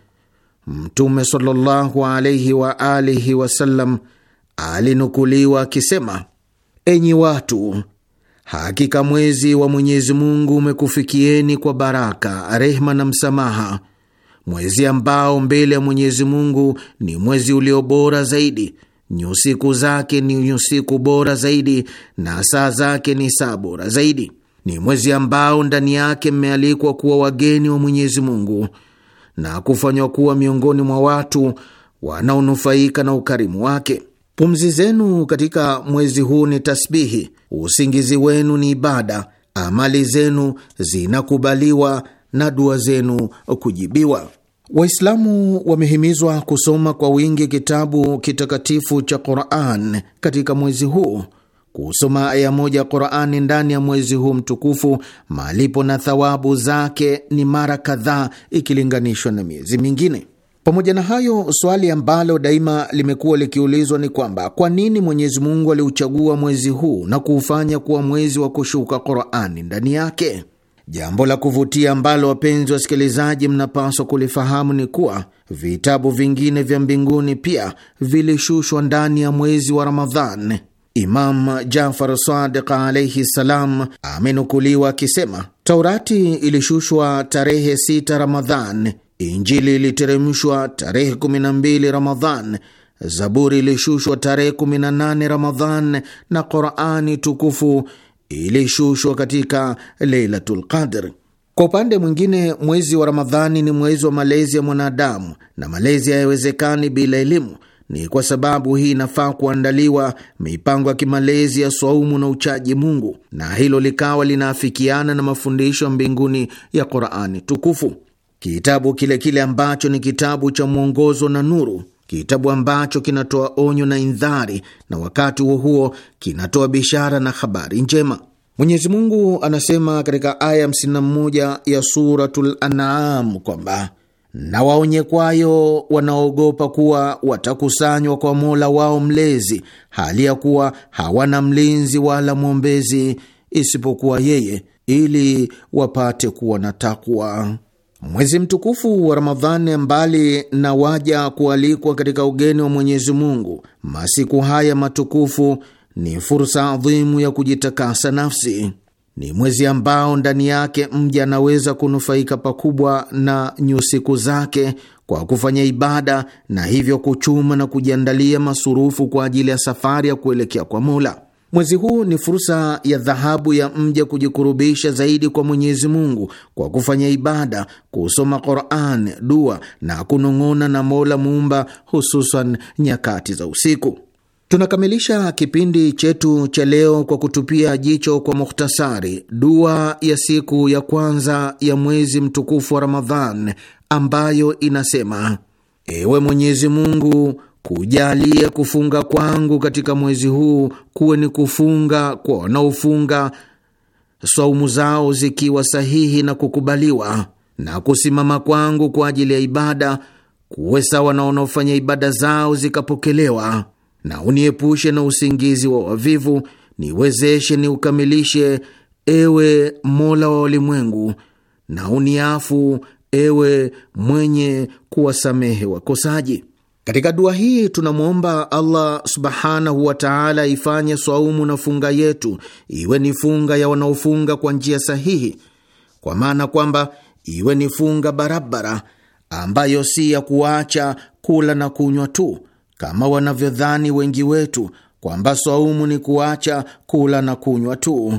Mtume sallallahu alaihi wa alihi wasallam alinukuliwa akisema Enyi watu, hakika mwezi wa Mwenyezi Mungu umekufikieni kwa baraka, rehma na msamaha, mwezi ambao mbele ya Mwenyezi Mungu ni mwezi ulio bora zaidi, nyusiku zake ni nyusiku bora zaidi na saa zake ni saa bora zaidi. Ni mwezi ambao ndani yake mmealikwa kuwa wageni wa Mwenyezi Mungu na kufanywa kuwa miongoni mwa watu wanaonufaika na ukarimu wake. Pumzi zenu katika mwezi huu ni tasbihi, usingizi wenu ni ibada, amali zenu zinakubaliwa na dua zenu kujibiwa. Waislamu wamehimizwa kusoma kwa wingi kitabu kitakatifu cha Quran katika mwezi huu. Kusoma aya moja ya Qurani ndani ya mwezi huu mtukufu, malipo na thawabu zake ni mara kadhaa ikilinganishwa na miezi mingine. Pamoja na hayo, swali ambalo daima limekuwa likiulizwa ni kwamba kwa nini Mwenyezi Mungu aliuchagua mwezi huu na kuufanya kuwa mwezi wa kushuka Qurani ndani yake. Jambo la kuvutia ambalo wapenzi wasikilizaji, mnapaswa kulifahamu ni kuwa vitabu vingine vya mbinguni pia vilishushwa ndani ya mwezi wa Ramadhan. Imam Jafar Sadiq alaihi salam amenukuliwa akisema Taurati ilishushwa tarehe 6 Ramadhan, Injili iliteremshwa tarehe 12 Ramadhan, Zaburi ilishushwa tarehe 18 Ramadhan na Qurani tukufu ilishushwa katika Leilatul Qadr. Kwa upande mwingine, mwezi wa Ramadhani ni mwezi wa malezi ya mwanadamu, na malezi hayawezekani bila elimu. Ni kwa sababu hii inafaa kuandaliwa mipango ya kimalezi ya swaumu na uchaji Mungu, na hilo likawa linaafikiana na mafundisho ya mbinguni ya Qurani tukufu kitabu kile kile ambacho ni kitabu cha mwongozo na nuru, kitabu ambacho kinatoa onyo na indhari, na wakati huo huo kinatoa bishara na habari njema. Mwenyezi Mungu anasema katika aya 51 ya Suratul An'am kwamba na waonye kwayo wanaogopa kuwa watakusanywa kwa Mola wao Mlezi, hali ya kuwa hawana mlinzi wala mwombezi isipokuwa yeye, ili wapate kuwa na takwa. Mwezi mtukufu wa Ramadhani, mbali na waja kualikwa katika ugeni wa Mwenyezi Mungu, masiku haya matukufu ni fursa adhimu ya kujitakasa nafsi. Ni mwezi ambao ndani yake mja anaweza kunufaika pakubwa na nyusiku zake kwa kufanya ibada na hivyo kuchuma na kujiandalia masurufu kwa ajili ya safari ya kuelekea kwa Mola. Mwezi huu ni fursa ya dhahabu ya mja kujikurubisha zaidi kwa Mwenyezi Mungu kwa kufanya ibada, kusoma Quran, dua na kunong'ona na Mola Muumba, hususan nyakati za usiku. Tunakamilisha kipindi chetu cha leo kwa kutupia jicho kwa mukhtasari dua ya siku ya kwanza ya mwezi mtukufu wa Ramadhan ambayo inasema: ewe Mwenyezi Mungu kujalie kufunga kwangu katika mwezi huu kuwe ni kufunga kwa wanaofunga saumu zao zikiwa sahihi na kukubaliwa, na kusimama kwangu kwa ajili ya ibada kuwe sawa na wanaofanya ibada zao zikapokelewa, na uniepushe na usingizi wa wavivu, niwezeshe niukamilishe, ewe Mola wa ulimwengu, na uniafu, ewe mwenye kuwasamehe wakosaji. Katika dua hii tunamwomba Allah subhanahu wa taala ifanye swaumu na funga yetu iwe ni funga ya wanaofunga kwa njia sahihi, kwa maana kwamba iwe ni funga barabara ambayo si ya kuacha kula na kunywa tu kama wanavyodhani wengi wetu kwamba swaumu ni kuacha kula na kunywa tu,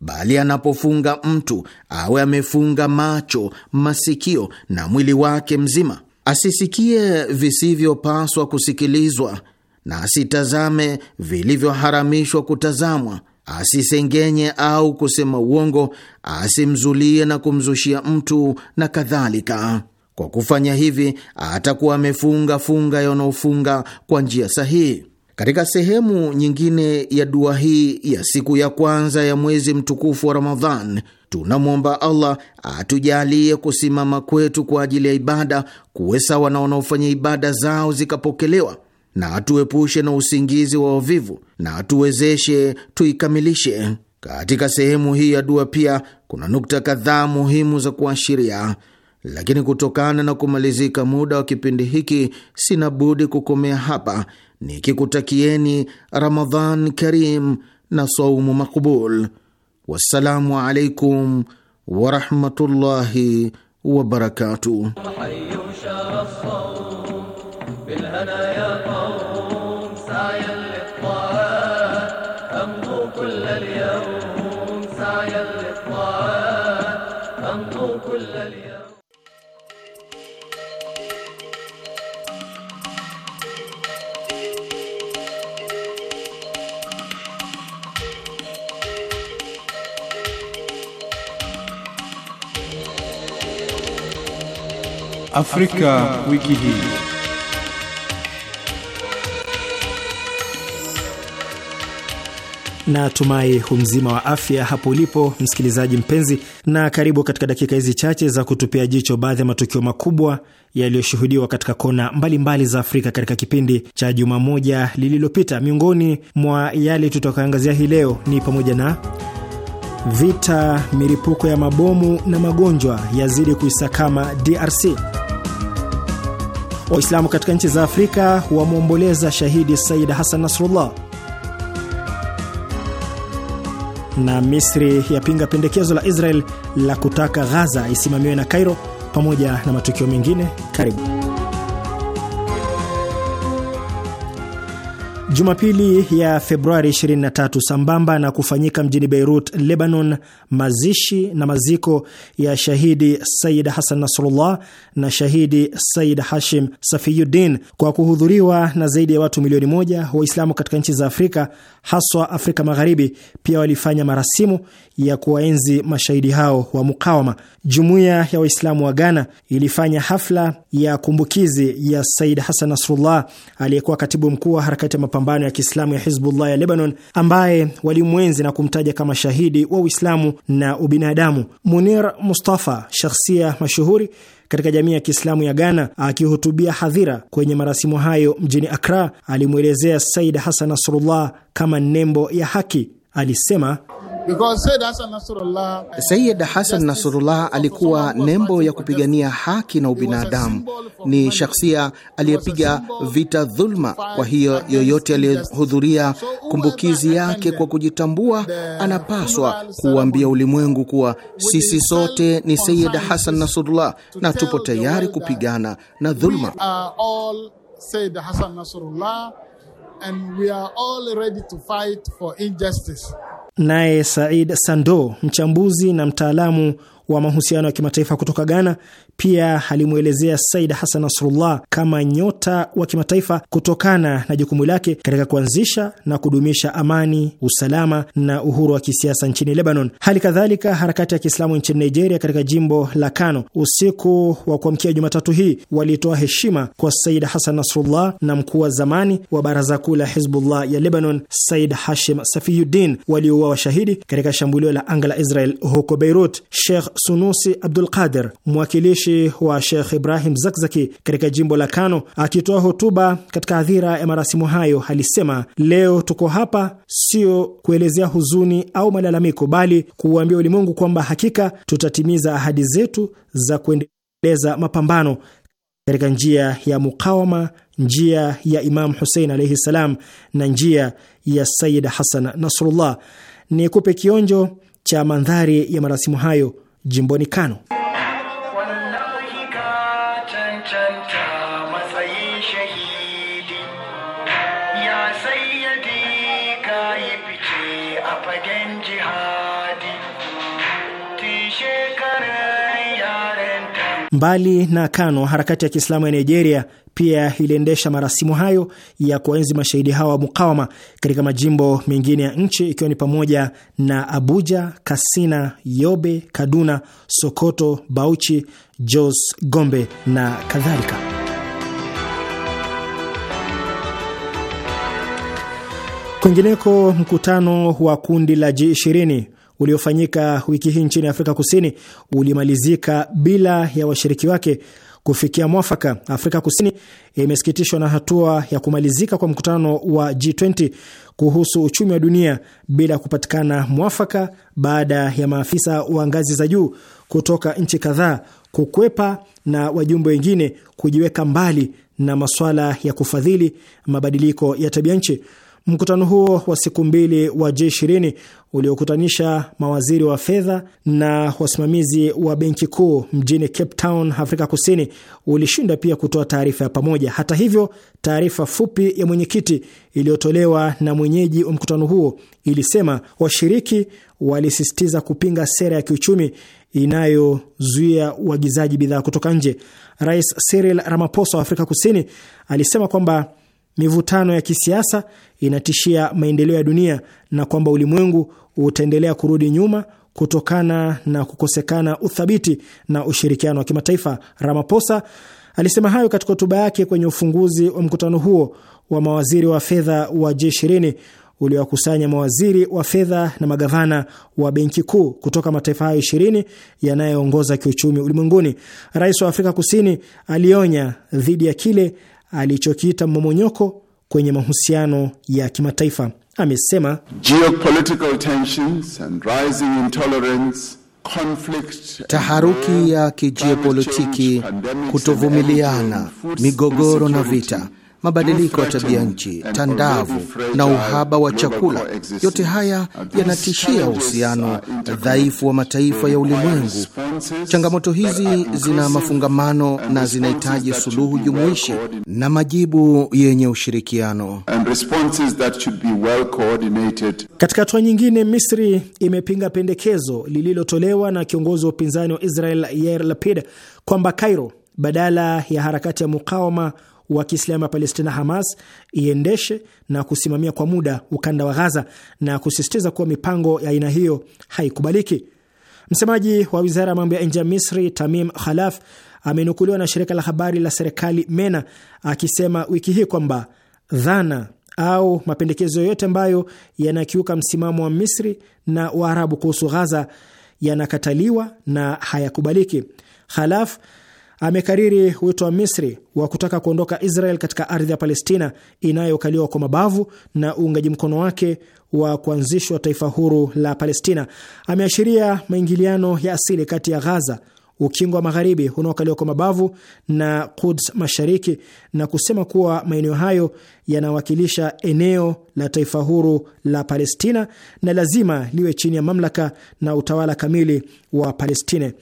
bali anapofunga mtu awe amefunga macho, masikio na mwili wake mzima asisikie visivyopaswa kusikilizwa na asitazame vilivyoharamishwa kutazamwa, asisengenye au kusema uongo, asimzulie na kumzushia mtu na kadhalika. Kwa kufanya hivi, atakuwa amefunga funga yanayofunga kwa njia sahihi. Katika sehemu nyingine ya dua hii ya siku ya kwanza ya mwezi mtukufu wa Ramadhan, tunamwomba Allah atujalie kusimama kwetu kwa ajili ya ibada kuwe sawa na wanaofanya ibada zao zikapokelewa, na atuepushe na usingizi wa wavivu, na atuwezeshe tuikamilishe. Katika sehemu hii ya dua pia kuna nukta kadhaa muhimu za kuashiria, lakini kutokana na kumalizika muda wa kipindi hiki sina budi kukomea hapa nikikutakieni Ramadhan karim na saumu makbul. Wassalamu alaikum warahmatullahi wabarakatuh. Afrika, wiki hii. Na tumai humzima wa afya hapo ulipo msikilizaji mpenzi, na karibu katika dakika hizi chache za kutupia jicho baadhi ya matukio makubwa yaliyoshuhudiwa katika kona mbalimbali mbali za Afrika katika kipindi cha juma moja lililopita. Miongoni mwa yale tutakayoangazia hii leo ni pamoja na vita, milipuko ya mabomu na magonjwa yazidi kuisakama DRC. Waislamu katika nchi za Afrika wamwomboleza shahidi Said hasan Nasrullah, na Misri yapinga pendekezo la Israel la kutaka Ghaza isimamiwe na Kairo, pamoja na matukio mengine. Karibu. Jumapili ya Februari 23 sambamba na kufanyika mjini Beirut, Lebanon, mazishi na maziko ya shahidi Said Hasan Nasrullah na shahidi Said Hashim Safiyuddin kwa kuhudhuriwa na zaidi ya watu milioni moja. Waislamu katika nchi za Afrika haswa Afrika Magharibi pia walifanya marasimu ya kuwaenzi mashahidi hao wa mukawama. Jumuiya ya Waislamu wa Ghana ilifanya hafla ya kumbukizi ya Sayid Hasan Nasrullah aliyekuwa katibu mkuu wa harakati ya mapambano ya Kiislamu ya Hizbullah ya Lebanon, ambaye walimwenzi na kumtaja kama shahidi wa Uislamu na ubinadamu. Munir Mustafa, shakhsia mashuhuri katika jamii ya Kiislamu ya Ghana, akihutubia hadhira kwenye marasimu hayo mjini Akra, alimwelezea Said Hasan Nasrullah kama nembo ya haki. Alisema: Sayyid Hasan Nasrullah alikuwa nembo ya kupigania haki na ubinadamu, ni shakhsia aliyepiga vita dhulma. Kwa hiyo yoyote aliyehudhuria kumbukizi yake kwa kujitambua, anapaswa kuuambia ulimwengu kuwa sisi sote ni Sayyid Hasan Nasrullah na tupo tayari kupigana na dhulma naye Said Sando, mchambuzi na mtaalamu wa mahusiano ya kimataifa kutoka Ghana pia alimwelezea Said Hassan Nasrullah kama nyota wa kimataifa kutokana na jukumu lake katika kuanzisha na kudumisha amani, usalama na uhuru wa kisiasa nchini Lebanon. Hali kadhalika, harakati ya Kiislamu nchini Nigeria katika jimbo la Kano, usiku wa kuamkia Jumatatu hii walitoa heshima kwa Said Hassan Nasrullah na mkuu wa zamani wa baraza kuu la Hizbullah ya Lebanon Said Hashim Safiyuddin waliouawa shahidi katika shambulio la anga la Israel huko Beirut. Sheikh Sunusi Abdul Qadir, mwakilishi wa Sheikh Ibrahim Zakzaki katika jimbo la Kano, akitoa hotuba katika hadhira ya marasimu hayo alisema, leo tuko hapa sio kuelezea huzuni au malalamiko, bali kuuambia ulimwengu kwamba hakika tutatimiza ahadi zetu za kuendeleza mapambano katika njia ya mukawama, njia ya Imam Husein alaihi ssalam na njia ya Sayid Hasan Nasrullah. Ni kupe kionjo cha mandhari ya marasimu hayo jimboni Kano. Mbali na Kano, harakati ya Kiislamu ya Nigeria pia iliendesha marasimu hayo ya kuwaenzi mashahidi hawa wa mukawama katika majimbo mengine ya nchi ikiwa ni pamoja na Abuja, Kasina, Yobe, Kaduna, Sokoto, Bauchi, Jos, Gombe na kadhalika. Kwingineko, mkutano wa kundi la G20 uliofanyika wiki hii nchini Afrika Kusini ulimalizika bila ya washiriki wake kufikia mwafaka. Afrika Kusini imesikitishwa na hatua ya kumalizika kwa mkutano wa G20 kuhusu uchumi wa dunia bila kupatikana mwafaka baada ya maafisa wa ngazi za juu kutoka nchi kadhaa kukwepa na wajumbe wengine kujiweka mbali na masuala ya kufadhili mabadiliko ya tabia nchi. Mkutano huo wa siku mbili wa G20 uliokutanisha mawaziri wa fedha na wasimamizi wa benki kuu mjini Cape Town, Afrika Kusini, ulishinda pia kutoa taarifa ya pamoja. Hata hivyo, taarifa fupi ya mwenyekiti iliyotolewa na mwenyeji wa mkutano huo ilisema washiriki walisisitiza kupinga sera ya kiuchumi inayozuia uagizaji bidhaa kutoka nje. Rais Cyril Ramaphosa wa Afrika Kusini alisema kwamba mivutano ya kisiasa inatishia maendeleo ya dunia na kwamba ulimwengu utaendelea kurudi nyuma kutokana na kukosekana uthabiti na ushirikiano wa kimataifa. Ramaphosa alisema hayo katika hotuba yake kwenye ufunguzi wa mkutano huo wa mawaziri wa fedha wa G20 uliowakusanya mawaziri wa fedha na magavana wa benki kuu kutoka mataifa hayo ishirini yanayoongoza kiuchumi ulimwenguni. Rais wa Afrika Kusini alionya dhidi ya kile alichokiita mmomonyoko kwenye mahusiano ya kimataifa. Amesema geopolitical tensions and rising intolerance Taharuki ya kijiopolitiki, kutovumiliana, migogoro na vita mabadiliko ya tabia nchi, tandavu na uhaba wa chakula. Yote haya yanatishia uhusiano dhaifu wa mataifa ya ulimwengu. Changamoto hizi zina mafungamano na zinahitaji suluhu jumuishi na majibu yenye ushirikiano. Katika hatua nyingine, Misri imepinga pendekezo lililotolewa na kiongozi wa upinzani wa Israel Yair Lapid kwamba Cairo badala ya harakati ya mukawama wa Kiislamu ya Palestina Hamas iendeshe na kusimamia kwa muda ukanda wa Ghaza na kusisitiza kuwa mipango ya aina hiyo haikubaliki. Msemaji wa wizara ya mambo ya nje ya Misri Tamim Khalaf amenukuliwa na shirika la habari la serikali MENA akisema wiki hii kwamba dhana au mapendekezo yoyote ambayo yanakiuka msimamo wa Misri na Waarabu kuhusu Ghaza yanakataliwa na hayakubaliki. Khalaf amekariri wito wa Misri wa kutaka kuondoka Israel katika ardhi ya Palestina inayokaliwa kwa mabavu na uungaji mkono wake wa kuanzishwa taifa huru la Palestina. Ameashiria maingiliano ya asili kati ya Ghaza, ukingo wa magharibi unaokaliwa kwa mabavu na Quds mashariki, na kusema kuwa maeneo hayo yanawakilisha eneo la taifa huru la Palestina na lazima liwe chini ya mamlaka na utawala kamili wa Palestina.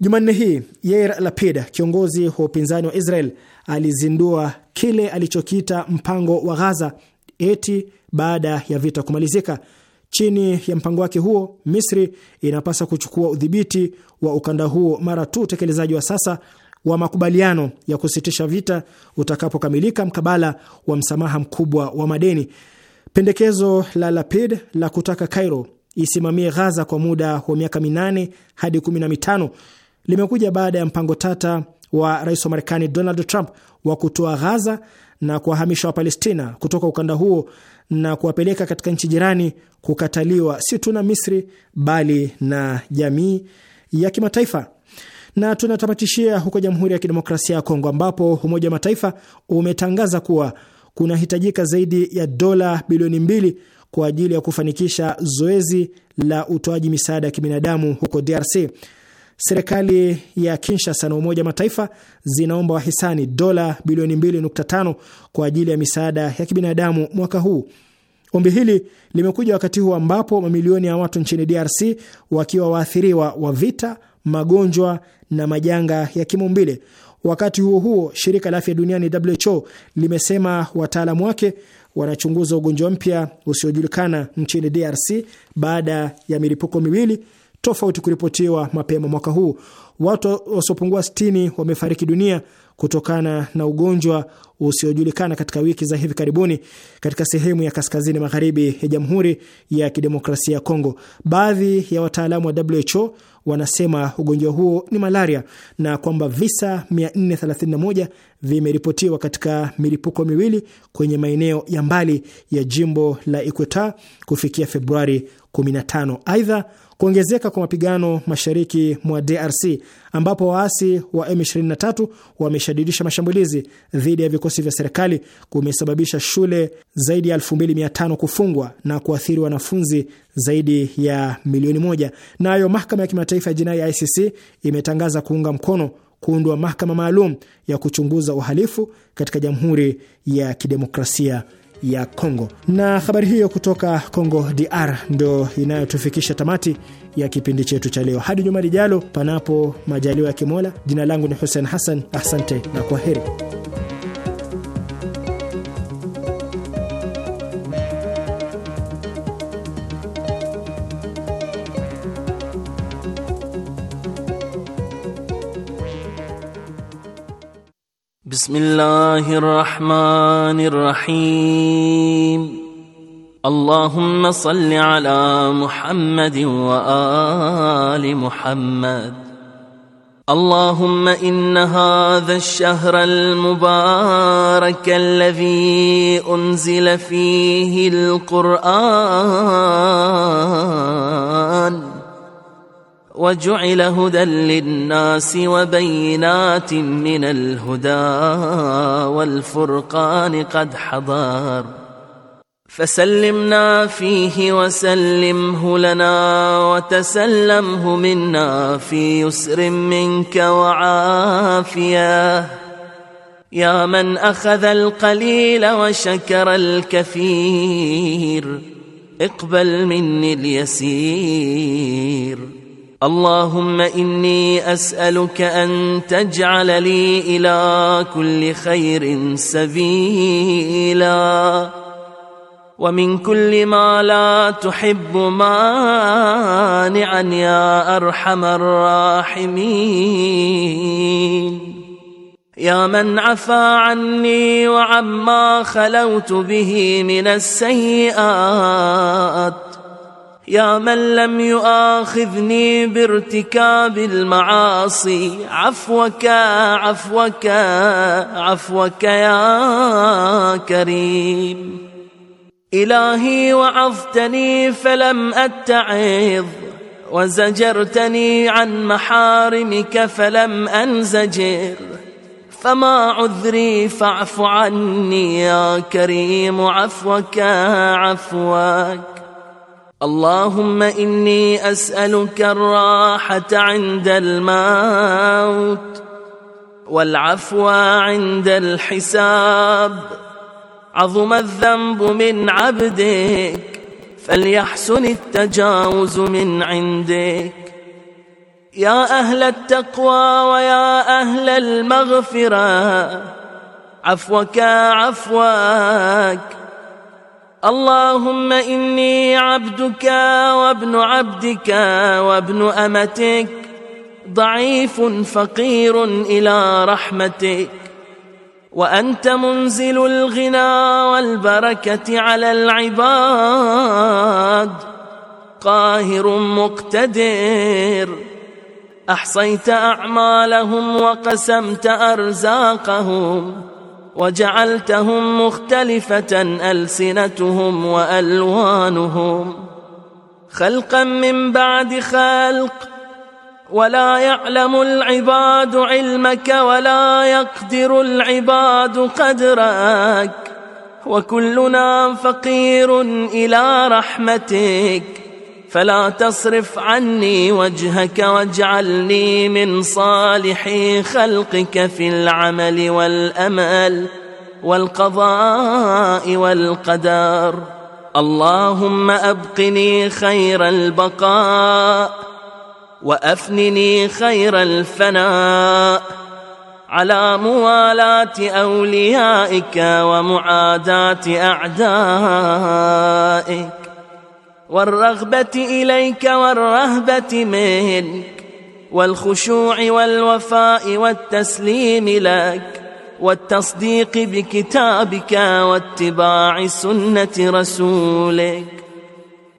Jumanne hii Yair Lapid, kiongozi wa upinzani wa Israel, alizindua kile alichokiita mpango wa Ghaza eti baada ya vita kumalizika. Chini ya mpango wake huo, Misri inapaswa kuchukua udhibiti wa ukanda huo mara tu utekelezaji wa sasa wa makubaliano ya kusitisha vita utakapokamilika, mkabala wa msamaha mkubwa wa madeni. Pendekezo la Lapid la kutaka Cairo isimamie Ghaza kwa muda wa miaka minane hadi kumi na mitano limekuja baada ya mpango tata wa rais wa Marekani Donald Trump wa kutoa Ghaza na kuwahamisha Wapalestina kutoka ukanda huo na kuwapeleka katika nchi jirani, kukataliwa si tu na Misri bali na jamii ya kimataifa. Na tunatamatishia huko Jamhuri ya Kidemokrasia ya Kongo, ambapo Umoja wa Mataifa umetangaza kuwa kunahitajika zaidi ya dola bilioni mbili kwa ajili ya kufanikisha zoezi la utoaji misaada ya kibinadamu huko DRC. Serikali ya Kinshasa na Umoja Mataifa zinaomba wahisani dola bilioni 2.5 kwa ajili ya misaada ya kibinadamu mwaka huu. Ombi hili limekuja wakati huu ambapo mamilioni ya watu nchini DRC wakiwa waathiriwa wa vita, magonjwa na majanga ya kimaumbile. Wakati huo huo, shirika la afya duniani WHO limesema wataalamu wake wanachunguza ugonjwa mpya usiojulikana nchini DRC baada ya milipuko miwili tofauti kuripotiwa mapema mwaka huu. Watu wasiopungua 60 wamefariki dunia kutokana na ugonjwa usiojulikana katika wiki za hivi karibuni katika sehemu ya kaskazini magharibi ya Jamhuri ya Kidemokrasia ya Kongo. Baadhi ya wataalamu wa WHO wanasema ugonjwa huo ni malaria na kwamba visa 431 vimeripotiwa katika milipuko miwili kwenye maeneo ya mbali ya jimbo la Ikweta kufikia Februari 15. Aidha, kuongezeka kwa mapigano mashariki mwa DRC ambapo waasi wa M23 wameshadidisha mashambulizi dhidi ya vikosi vya serikali kumesababisha shule zaidi ya 2500 kufungwa na kuathiri wanafunzi zaidi ya milioni moja. Nayo mahakama ya kimataifa ya jinai ya ICC imetangaza kuunga mkono kuundwa mahakama maalum ya kuchunguza uhalifu katika Jamhuri ya Kidemokrasia ya Kongo. Na habari hiyo kutoka Kongo DR ndio inayotufikisha tamati ya kipindi chetu cha leo. Hadi juma lijalo, panapo majaliwa ya Kimola. Jina langu ni Hussein Hassan, asante na kwa heri. بسم الله الرحمن الرحيم اللهم صل على محمد وآل محمد اللهم إن هذا الشهر المبارك الذي أنزل فيه القرآن وجعل هدى للناس وبينات من الهدى والفرقان قد حضر فسلمنا فيه وسلمه لنا وتسلمه منا في يسر منك وعافيه يا من اخذ القليل وشكر الكثير اقبل مني اليسير اللهم إني أسألك أن تجعل لي إلى كل خير سبيلا ومن كل ما لا تحب مانعا يا أرحم الراحمين يا من عفا عني وعما خلوت به من السيئات يا من لم يؤاخذني بارتكاب المعاصي عفوك عفوك عفوك يا كريم الهي وعظتني فلم اتعظ وزجرتني عن محارمك فلم انزجر فما عذري فاعف عني يا كريم عفوك عفوك اللهم اني اسالك الراحه عند الموت والعفو عند الحساب عظم الذنب من عبدك فليحسن التجاوز من عندك يا اهل التقوى ويا اهل المغفره عفوك عفوك اللهم إني عبدك وابن عبدك وابن أمتك ضعيف فقير إلى رحمتك وأنت منزل الغنى والبركة على العباد قاهر مقتدر أحصيت أعمالهم وقسمت أرزاقهم وجعلتهم مختلفة ألسنتهم وألوانهم خلقا من بعد خلق ولا يعلم العباد علمك ولا يقدر العباد قدرك وكلنا فقير إلى رحمتك فلا تصرف عني وجهك واجعلني من صالح خلقك في العمل والامل والقضاء والقدر اللهم ابقني خير البقاء وافنني خير الفناء على موالاه اوليائك ومعاداه اعدائك والرغبة إليك والرهبة منك والخشوع والوفاء والتسليم لك والتصديق بكتابك واتباع سنة رسولك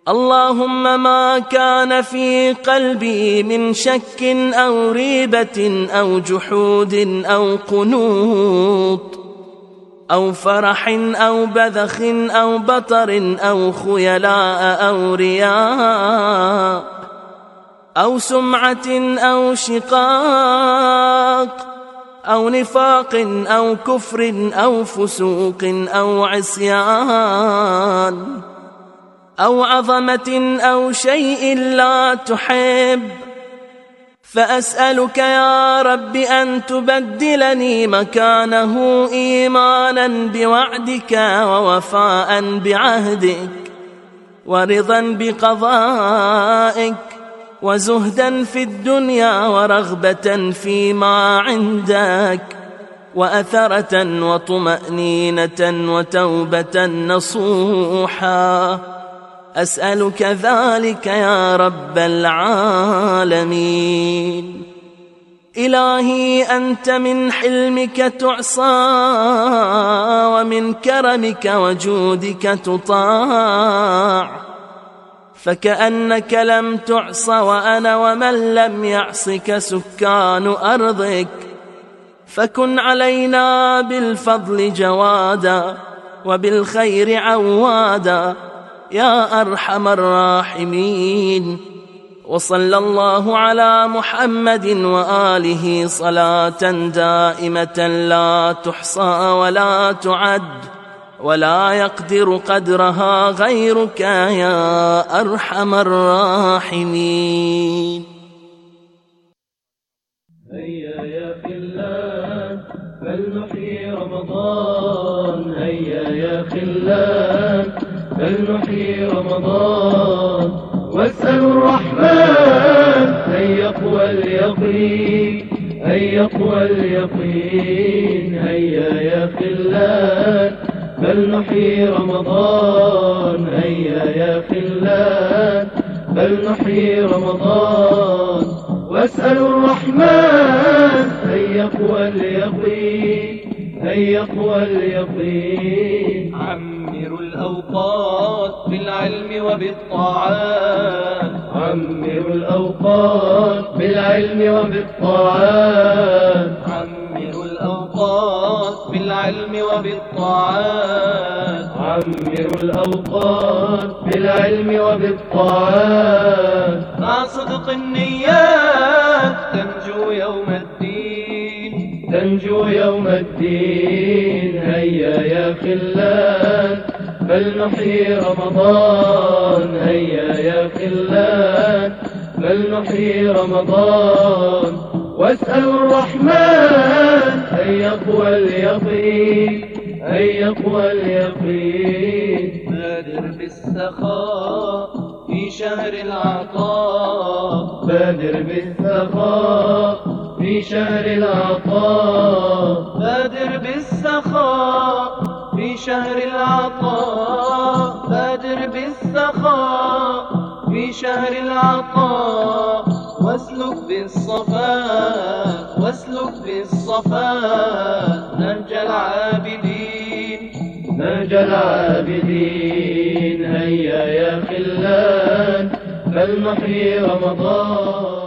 اللهم ما كان في قلبي من شك أو ريبة أو جحود أو قنوط أو فرح أو بذخ أو بطر أو خيلاء أو رياء أو سمعة أو شقاق أو نفاق أو كفر أو فسوق أو عصيان أو عظمة أو شيء لا تحب فأسألك يا رب أن تبدلني مكانه إيمانا بوعدك ووفاء بعهدك ورضا بقضائك وزهدا في الدنيا ورغبة فيما عندك وأثرة وطمأنينة وتوبة نصوحاً أسألك ذلك يا رب العالمين إلهي أنت من حلمك تعصى ومن كرمك وجودك تطاع فكأنك لم تعص وأنا ومن لم يعصك سكان أرضك فكن علينا بالفضل جوادا وبالخير عوادا يا ارحم الراحمين وصلى الله على محمد واله صلاه دائمه لا تحصى ولا تعد ولا يقدر قدرها غيرك يا ارحم الراحمين نحن في رمضان واسأل الرحمن أن يقوى اليقين أن يقوى اليقين هيا يا خلان بل نحيي رمضان هيا يا خلان بل نحيي رمضان واسأل الرحمن أن يقوى اليقين أن يقوى اليقين عم الأوقات بالعلم وبالطاعات عمروا الأوقات بالعلم وبالطاعات عمروا الأوقات بالعلم وبالطاعات عمروا الأوقات بالعلم وبالطاعات مع صدق النيات تنجو يوم الدين تنجو يوم الدين هيا يا خلان بل نحيي رمضان هيا يا خلان بل نحيي رمضان واسأل الرحمن أن يقوى اليقين أن يقوى اليقين بادر بالسخاء في شهر العطاء بادر بالسخاء في شهر العطاء بادر بالسخاء في شهر العطاء بادر بالسخاء في شهر العطاء واسلك بالصفاء واسلك بالصفاء نرجى العابدين نرجى العابدين هيا يا خلان فلنحيي رمضان